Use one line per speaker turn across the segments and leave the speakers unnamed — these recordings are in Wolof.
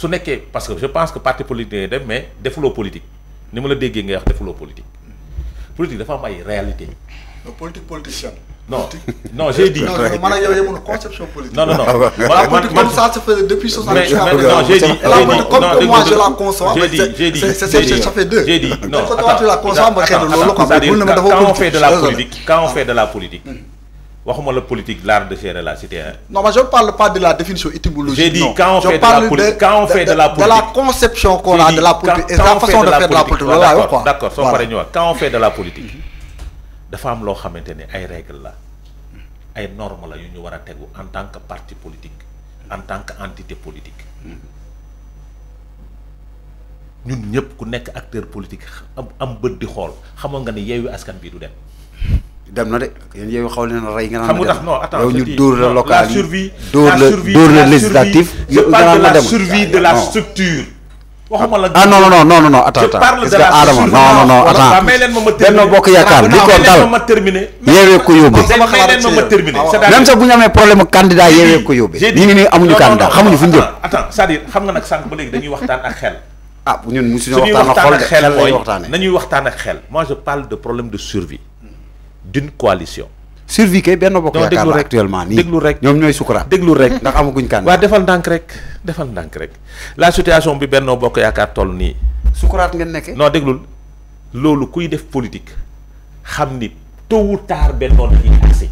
su nekkee parce que je pense que parti politique ngay dem mais defuloo politique ni ma la déggee ngay wax defuloo politique politique dafa am ay réalité
politique politicien.
non non j'ai dit. non non man ak yow yemul conception politique. non non non ah, voilà man comme ça se fait depuis soixante-dix ans. mais non j'ai dit comme moi je la conçois. j'ai dit j'ai dit ça fait deux. j'ai dit non attends attends c'est-à-dire quand on ah. fait de la politique quand on fait de la politique. waxuma la politique l'art de gérer la cité.
non mais je pas de la définition étymologique. j'ai on fait de la politique quand on fait de la politique. la conception a de
la politique et dafa am loo xamante ne ay règles la ay normes la yu ñu war a tegu en tant que parti politique en tant que entité politique. ñun ñëpp ku nekk acteur politique am am bët di xool xamoon nga ne yeewu askan bii du dem. dem na de yéen yow xaw leen rey nga naan xam nga tax non attends yow ñu dóor la local yi dóor la dóor la législatif je parle de la survie de la structure waxuma la ah non non non non non attends attends parce que Adama non non non attends benn bokk yaakaar li ko dal
yeewee ko yóbbee même sax bu ñu amee problème candidat yeewee ko yóbbee ñi ngi nii amuñu candidat xamuñu fu ñu jëm
attends c'est-à-dire xam nga nag sànq ba léegi dañuy waxtaan ak xel ah ñun musuñu waxtaan ak xel lañuy waxtaanee nañuy waxtaan ak xel moi je parle de problème de survie d'une coalition.
survie kay benn bokk yaakaar la
actuellement nii déglu rek ñoom ñooy sukuraat déglu rek ndax amaguñ kaan waaw defal ndànk rek defal ndànk rek la situation bi benn bokk yaakaar toll nii. sukuraat ngeen nekkee. non déglul loolu kuy def politik xam ni tôt ou tard benn noonu kii accès.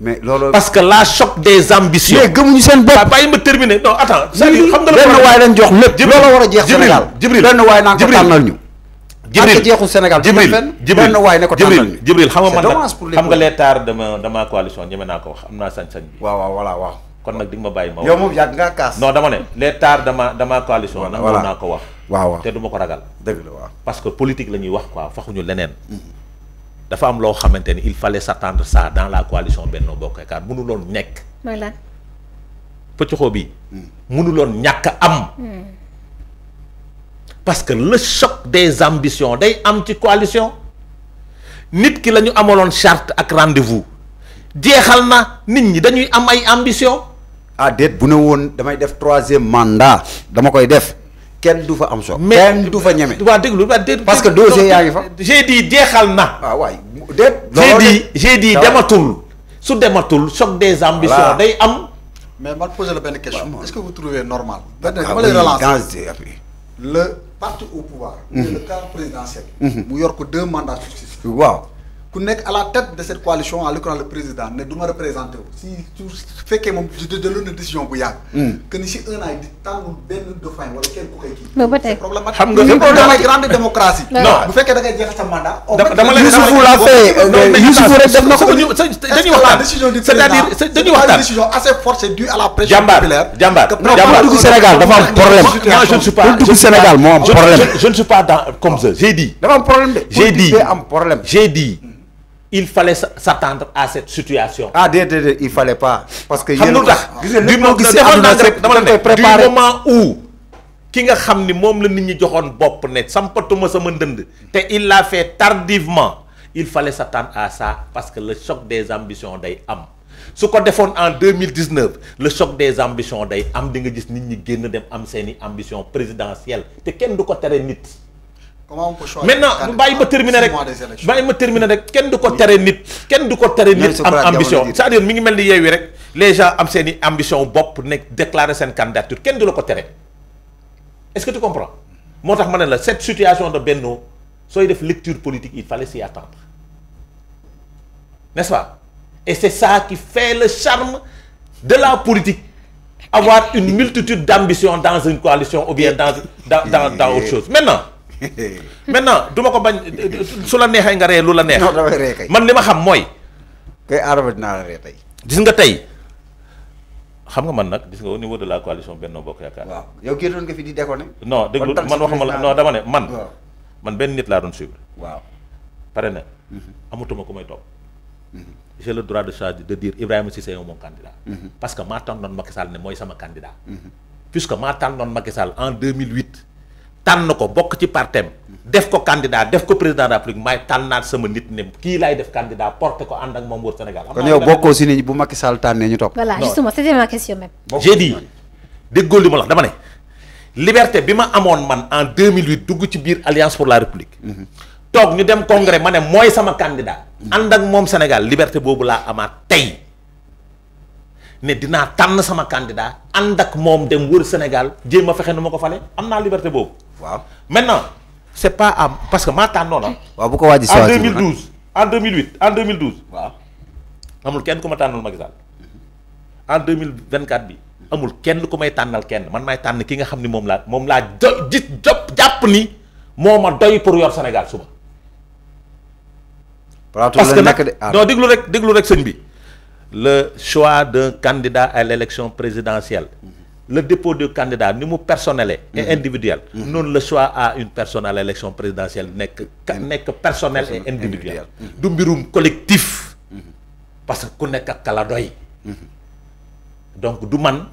mais loolu. parce que la choc des ambitions. mais gëmuñu seen bopp. bàyyi ma terminer non attends. c'est-à-dire xam nga la benn waay lañ jox lépp. loolu war a jeex Sénégal Jibril ñu.
jibril jeexul Sénégal jibril jibril benn waay ne ko tànnal
jibril xam nga man xam nga ma de ma coalition ñeme naa ko wax am naa sañ-sañ bi waaw waaw waaw kon nag di ma bàyyi ma yow dama ne les tares de coalition naa ko wax waaw waaw te du ma ko ragal parce que politique la ñuy wax quoi faxuñu leneen mm-hmm. dafa am loo xamante ni il fa fallait s'attendre ça dans la coalition Benno Bokk Yaakaar mënuloon nekk voilà pëcc xoo bi mm. ñàkk am mm. parce que le choc des ambitions day am ci coalition nit ki lañu amaloon charte ak rendez-vous jeexal na nit ñi dañuy am ay ambition ah déet bu ne woon damay def troisième mandat dama koy def kenn du fa am so kenn du fa ñeme waa déglu waa déet parce que fa j'ai dit jeexal na waaw ah, waay déet j'ai dematul su dematul choc des ambitions day am
mais man poser la benn question est normal ah, benn parti au pouvoir. muy mhm. le camp présidentiel. Mhm. mu yor ko deux mandats successifs. waaw ku nekk à la tête de cette coalition en l'occurrence le président ne du ma représenté wu si su fekkee moom jëloon na décision bu yàgg. Hmm. que ni si un an di tànnul benn dauphin wala kenn ku koy kii. ba ba tey xam nga damay grande démocratie. non bu fekkee da ngay jeexal sa mandat. dama lay Youssoufou laa fee Youssoufou rek def na ko. dañuy
waxtaan décision du président c'est-à-dire dañuy waxtaan décision
assez forte due à la pression populaire.
jàmbaar jàmbaar jàmbaar dugg Sénégal dafa am problème. non je ne suis pas dugg Sénégal moo am problème. je ne suis pas dans comme ça j'ai dit. dafa am problème de. j'ai dit j'ai dit. Hmm. il fallait s'attendre à cette situation. ah déedéet il fallait pas. parce que yéen a tax du moment où. ki nga xam ni moom la nit ñi joxoon bopp ne sampatuma sama ndënd. te il l'a fait tardivement. il fallait s'attendre à ça parce que le choc des ambitions day am su ko defoon en deux mille dix neuf le choc des ambitions day am di nga gis nit ñi génn dem am seeni ambition présidentielle te kenn du ko tere nit.
comment on peut choisir maintenant bu bàyyi ma terminer rek
bàyyi ma terminer rek kenn du ko tere nit kenn du ko tere nit am ambition cest dire mi ngi mel ni yeewi rek les gens am seen i ambition bopp nekk déclarer seen candidature kenn du la ko tere est-ce que tu comprends moo tax ma ne la cette situation de Benno sooy def lecture politique il fallait s'y attendre n'est-ce pas et c'est ça qui fait le charme de la politique avoir une multitude d'ambitions dans une coalition ou bien dans dans dans, dans autre maintenant du ma ko bañ su la neexee nga ree lu la neex. man li ma xam mooy. kay aaraba dinaa la ree nga tey xam nga man nag dis nga au niveau de la coalition benn Bokk Yaakaar. waaw
yow génnoon nga fi di déconné. non déglu man waxuma la non dama ne man.
man benn nit laa doon suivre. waaw pare na. Mhm. amatuma ku may topp. Mhm. j'ai le droit de choisir de dire Ibrahima Cissé yow moom candidat. Mhm. parce que maa tànnoon Macky ne mooy sama candidat. puisque maa tànnoon Macky Sall en 2008. tànn ko bokk ci partem def ko candidat def ko président de la République may tànnaat sama nit ne kii laay def candidat porté ko ànd ak moom wër Sénégal. kon yow bokkoo si ni bu Macky Sall tànnee ñu topp. voilà justement
c'était ma question même.
j'ai dit déggoo li ma la dama ne bi ma amoon man en 2008 dugg ci biir alliance pour la mhm. toog ñu dem congrès ma mooy sama candidat. Mhm. ànd ak moom Sénégal liberté boobu laa amaat tey ne dinaa tànn sama candidat ànd ak moom dem wër Sénégal jéem ma fexe nu ma ko fale am naa liberté boobu. waaw maintenant c' est pas am parce que maa tànnoon ah. waaw bu ko waaj a. en 2012 en waaw amul kenn ku ma tànnal Macky Sall en 2024 bi amul kenn ku may tànnal kenn man may tànn ki nga xam ni moom laa moom laa jo gis jàpp ni moo ma doy pour yor Sénégal suba. parce que nag ah. non déglu rek déglu rek sëñ bi le choix de candidat à lélection élection présidentielle. Mm-hmm. la dépôt du candidat ni mu personnele et mm-hmm. individuel mm-hmm. noonu la choix à une personne à l'élection présidentielle nekk mm-hmm. nekk personnel et individuel du mbirum collectif parce que ku nekk ak kala donc du man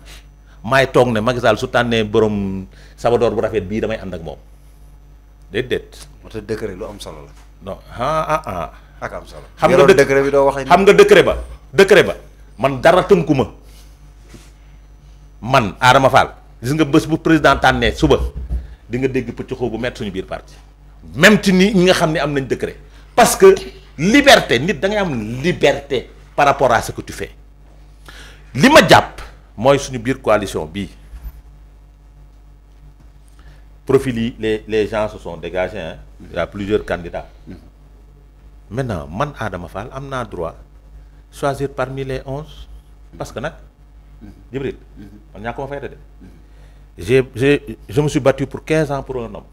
maay toog ne Macky su tànnee borom sabadoor bu rafet bii damay ànd ak moom déedéet moo tax décret lu am solo la non ah ah ah ak am solo xam nga décret nga décret ba décret ba man dara tënku ma man Adama Fall gis nga bës bu président tànnee suba di nga dégg pëccëxoo bu mett suñu biir parti même ci ni ñi nga xam ne am nañ décret parce que liberté nit dangay am liberté par rapport à ce que tu fais li ma jàpp mooy suñu biir coalition bii profil yi les les gens se sont dégagés hein il y a plusieurs maintenant man aadama Fall am naa droit choisir parmi les onze parce que nag. Mm-hmm. Djibril mm-hmm. man ñàkkuma fayda de mm-hmm. j'ai je me suis battu pour quinze ans pour un homme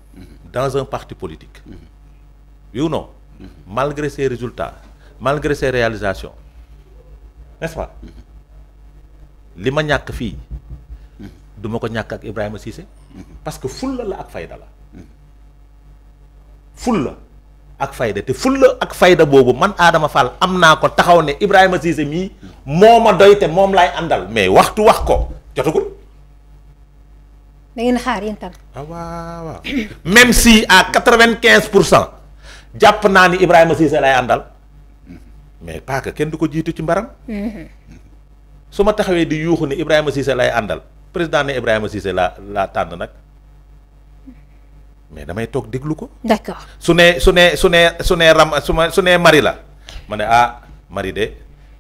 dans un parti politique oui ou non malgré ses résultats malgré ses réalisations n'est-ce pas li ma ñàkk fii duma ko ñàkk ak Ibrahima Cissé parce que fulla la ak fayda la fulla ak fayda te fulla ak fayda boobu man aadama Fall am naa ko taxaw ne Ibrahima Cissé mii moo ma doy te moom laay àndal mais waxtu wax ko jotagul. da ngeen xaar yéen ah, même si à quatre-vingt-quinze pour cent jàpp naa ni Ibrahima Cissé lay àndal mais pas kenn du ko jiitu ci mbaram. Mm-hmm. su ma taxawee di yuuxu ne Ibrahima Cissé lay àndal président ne Ibrahima Cissé laa laa tànn nag. mais damay toog déglu ko. d'accord su ne su ne su ne su ne ram su ma su ne mari la ma ne ah mari de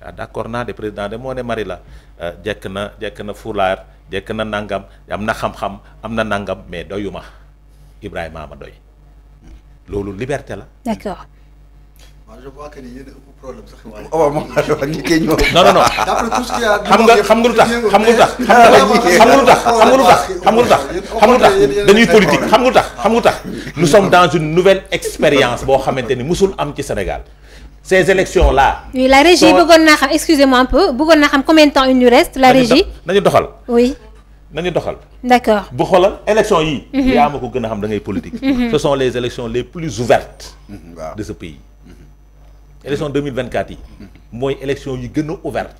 ah d'accord naa de président de moo ne mari la euh, jekk na jekk na fulaar jekk na nangam am na xam-xam am na nangam mais doyuma Ibrahima ma doy loolu liberté la.
d'accord waaw je vois que ni a ëpp oh,
non non non xam nga xam nga lu tax xam nga lu tax xam nga lu tax xam nga lu tax xam nga lu tax xam nga lu tax dañuy politique xam nga lu tax xam nga lu tax nous sommes dans une nouvelle expérience boo xamante ni mosul am ci Sénégal. ces élections là. oui la régie bëggoon naa xam
excusez-moi un peu bëggoon naa xam combien de temps il nous reste. la régie nañu doxal. oui nañu doxal. d'accord
bu xoolal élections yi. Mhm. yaa ma ko gën a xam da ngay politique. Mhm. ce les élections les plus ouvertes. Mhm, de élection 2024 yi. mooy élection yu gën a ouverte.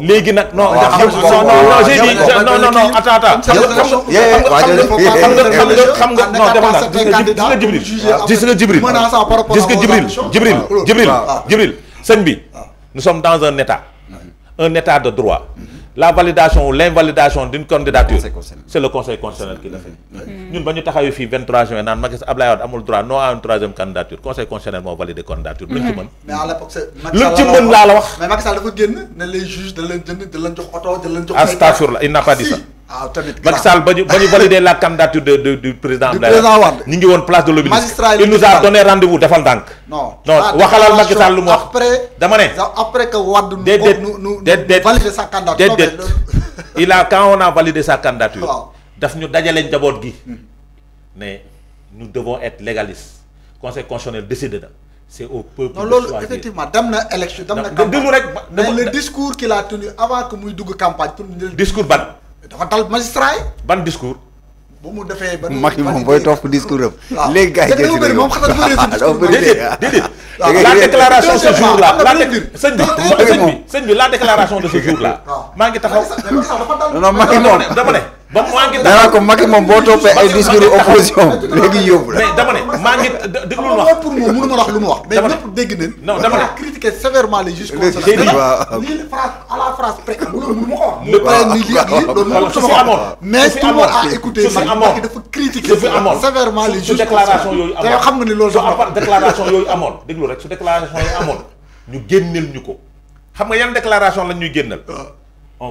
léegi nag non. waaw non non j'ai dit non non non
attends attends. xam nga xam nga non demal naa gis nga Jibril gis nga Jibril gis nga Jibril Jibril Jibril Jibril sëñ bi ah. nous sommes dans un état ah. un état de droit. la validation ou l'invalidation d'une candidature c'est le conseil constitutionnel qui le fait ñun ba ñu taxawee fii 23 juin naan Macky Abdoulaye Wade amul droit non à une troisième candidature conseil constitutionnel moo validé candidature luñ ci mën mm-hmm. luñ ci mën laa la
wax mais Macky Sall dafa génn n'a pas dit ça
waaw ah, tamit Macky Sall ba ñu ba ñu validé la candidature de de du président Abdoulaye Wade ñu ngi woon place de l'Obélisque il nous a donné rendez-vous defal ndànk. non non waxalal Macky lu mu wax dama ne. après que Wade. déedéet déedéet validé sa candidature a quand on a validé sa ñu dajale njaboot gi. Hmm. mais nous devons être légalistes conseil constitutionnel décidé na. c'est au peuple non loolu effectivement
dem na élection dem na campagne déglu rek mais le discours qu'il a tenu avant que muy dugg campagne pour. discours ba dafa dal magistrat yi. ban discours. bu mu defee ban. Macky moom booy topp discours am. waaw léegi gars yi jël si réew moom xam la déclaration de ce jour là la sëñ
bi sëñ bi bi la déclaration de ce jour là. maa ngi taxaw. non Macky moom
ba maa ngi. ko Macky moom boo toppee ay discours opposition léegi yóbbu la. dama ne maa ngi déglu lu wax pour moom mënu ma wax lu mu wax. mais ñëpp dégg nañ. non la a écouté. su fi amoon Macky
dafa critiquer sévèrement les juges xam nga ni loolu dafa déclaration yooyu amoon déglu rek su déclaration yooyu amoon ñu génneel ñu ko xam nga yan déclaration lañ ñuy génnal ah. on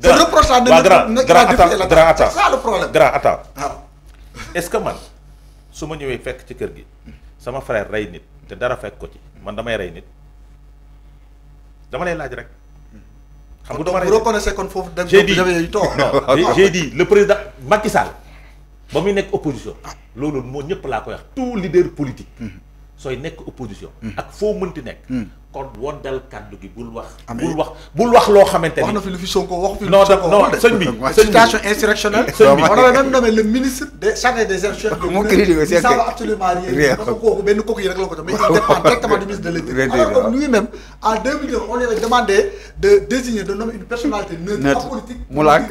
te reproche la ne grand grand attends c'est ça le problème grand attends ah. est-ce que man su ma ñëwee fekk ci kër gi sama frère rey nit te dara fekk ko ci man damay rey nit dama lay laaj rek. xam nga dama rey nit
reconnaissez kon foofu dem. j'ai dit non j'ai dit
le président Macky Sall ba muy nekk opposition loolu moo ñëpp laa koy wax tout leader politique. Mm-hmm. sooy nekk opposition. Mm-hmm. ak foo mënti nekk. Mm-hmm. kon woddal kàddu gi bul wax. bul wax bul wax loo xamante ni. wax na fi lu fi Sonko wax fi lu Sonko non sëñ bi situation insurrectionnelle. sëñ bi on avait même nommé le ministre
des chargé des insurrectionnels. mu critiqué c' est rien parce que kooku benn kooku yi rek la ko jox mais il dépend directement du ministre de l'Intérieur. alors que lui-même en 2009 on lui avait demandé de désigner de nommer une personnalité neutre. neutre politique mu laaj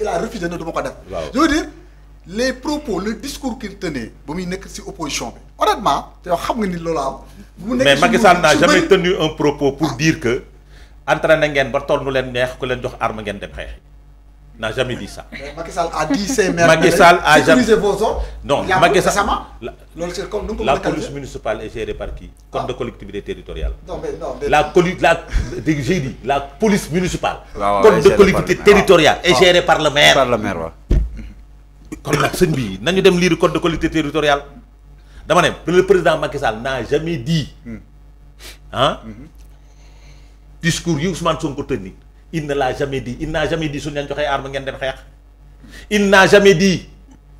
il a refusé ne du ma ko def. je veux dire. les propos le discours qu'il tenait ba muy nekk ci opposition bi honnêtement te yow xam nga ni loolu am. bu nekk mais Macky Sall n'a jamais
tenu un propos pour ah. dire que entraîné ngeen ba toll nu leen neex ku leen jox arme ngeen dem xeex n'a jamais dit ça.
Macky a dit ses maires. Macky Sall a jamais non Macky a la police
municipale est gérée par qui. comme ah. de collectivité territoriale. non mais non la coli la j'ai dit la police municipale. comme de collectivité territoriale. est gérée par le kon nag sëñ bi nañu dem lire code de collectivité territoriale dama ne le président Macky Sall n'a jamais dit ah discours yi Ousmane Sonko tënni il na l'a jamais dit il n'a jamais dit suñu leen joxee arme ngeen dem xeex il n'a jamais dit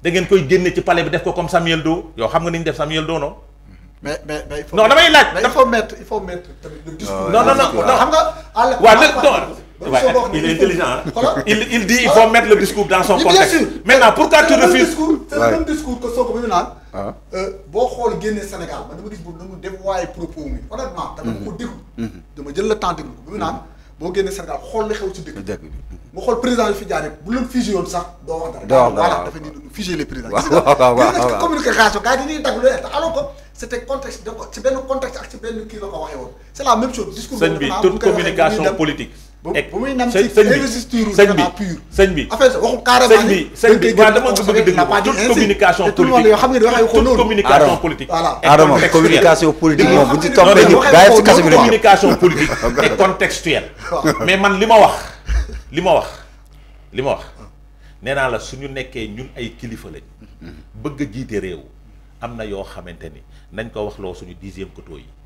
da ngeen koy génne ci pale bi def ko comme Samuel Doe yow xam nga ni def Samuel Doe non. mais mais mais il faut non damay laaj.
il faut mettre il faut mettre tamit
discours. non non non xam nga.
à la waaw Bah, il est intelligent. Hein?
Il, il, dit il faut mettre le discours dans son contexte. Maintenant, pourquoi tu refuses C'est le même
discours que Sonko bi naan. Ah. Euh, boo xool génne Sénégal man dama gis bu nu mu dévoyé propos mi honnêtement. dama ko déglu. Mm-hmm. dama jël le temps déglu ko bi mu naan mm-hmm. boo génne Sénégal xool li xew ci dëkk. mu mm-hmm. xool président yi fi jaaree bu leen figé woon sax doo wax dara. dafa nii figé les présidents. waaw waaw communication gars yi dañuy dagg lu alors benn contexte ak ci benn kii la ko teg bu muy nam ci
investiture sëñ bi sëñ bi waxu carrément bi sëñ bi waaw dama bëgg dégg toute communication communication politique. communication politique mais man li ma wax li ma wax li ma wax nee naa la suñu nekkee ñun ay kilifa lañ mm-hmm. bëgg a jiite réew am na yoo xamante ni nañ ko wax loo suñu dixième coteau yi.